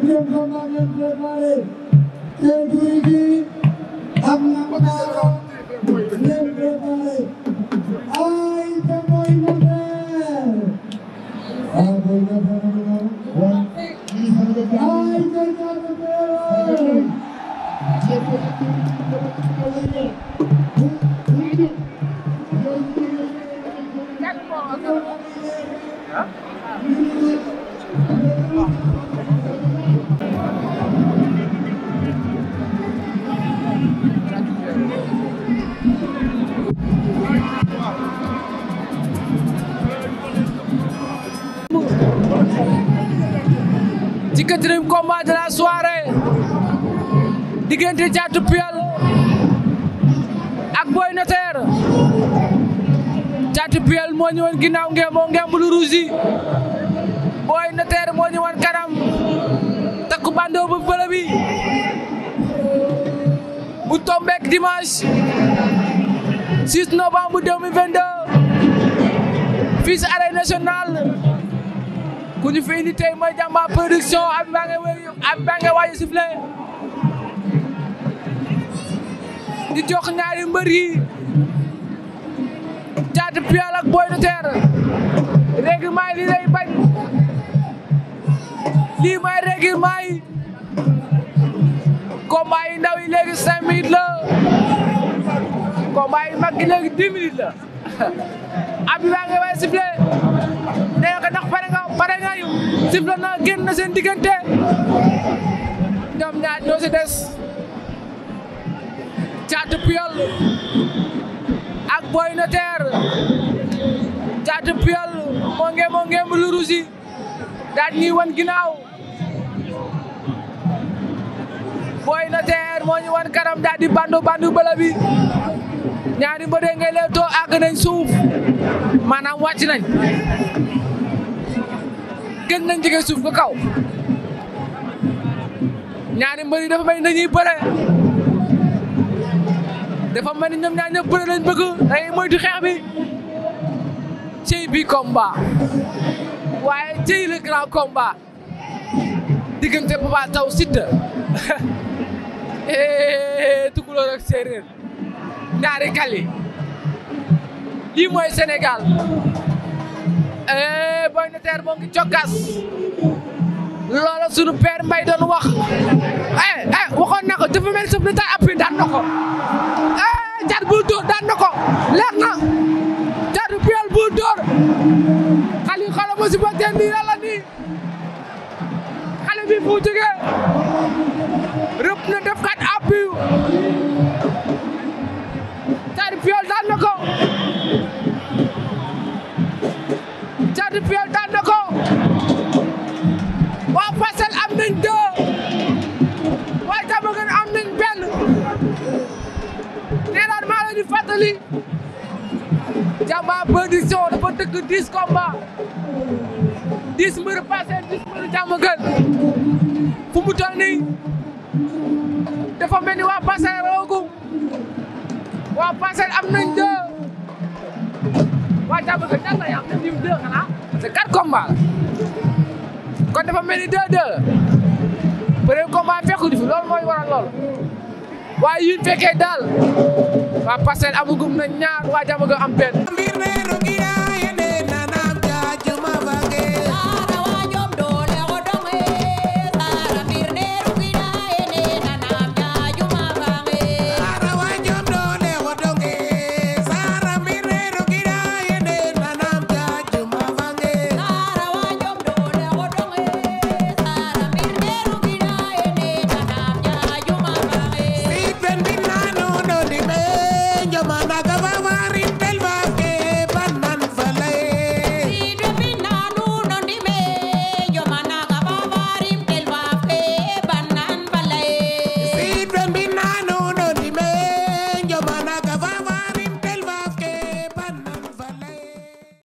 deuxième combat ngeen préparé tey Gouy Gui ak Nangu Daara ngeen préparé ay te mooy noter ah booy nga fay noter waaw ay te jafe beeree. Huh? ci quatrième combat de la soirée diggante Thiatou Puyol ak Boy Notaire Thiatou Puyol moo ñëwoon ginnaaw ngeen moo ngeen bulu ruusi Boy Notaire moo ñëwoon kanam takku bandoo bu bële bu tombeek dimanche 6 novembre 2022 fii ci arène nationale. ku ñu fi indi tey mooy Jambaar production ab baa ngay wéy ab baa ngay ñaari mbër yi Caatu Puyol ak Boy Notaire règlement yi lii lay bañ lii mooy règlement yi combat yi ndaw yi léegi cinq minutes la combat yi mag yi léegi dix minutes la ab baa ngay waaj a nee nga ndax pare pare nañu sifflé na génn na seen diggante ñoom ñaar ñoo si des Caatu Puyol ak Boy Notaire Caatu Puyol moo nge moo mu luru si daal wan ginnaaw Boy Notaire moo ñu wan kanam daal di bandu bandu bëla bi ñaari mbëre ngay leetoo àgg nañ suuf maanaam wàcc nañ gën nañ jege suuf ba kaw ñaari mbër yi dafa mel ni dañuy bëre dafa mel ni ñoom ñaar ñëpp bëre lañ bëgg moytu xeex bi cey bi combat waaye cey le grand combat diggante Papa Sow Siteu eh, tukulóor ak séeréer ñaari kali lii mooy Sénégal Eh, Boy Notaire moo ngi jokkaas loola sunu père Mbaye doon wax eh eh waxoon na ko dafa mel suuf ni taal appui daan na ko eh jar bu daan na ko na jar bu piyal bu dóor xale xale mu si nii lan nii xale bi fu mu jógee rëpp Jàmbaar Production dafa tëgg dix combats dix mbër Parcelles dix mbër Diamaguène fu mu toll dafa mel ni waa Parcelles rawagum waa Parcelles am nañ deux waa Diamaguène ñaata la am nañ deux xanaa c'est quatre combats kon dafa mel ni deux deux premier combat fekku ji mooy waral loolu. waa yu ñu fekkee daal waa Parcelles amagum na ñaar waa Diamaguène am benn.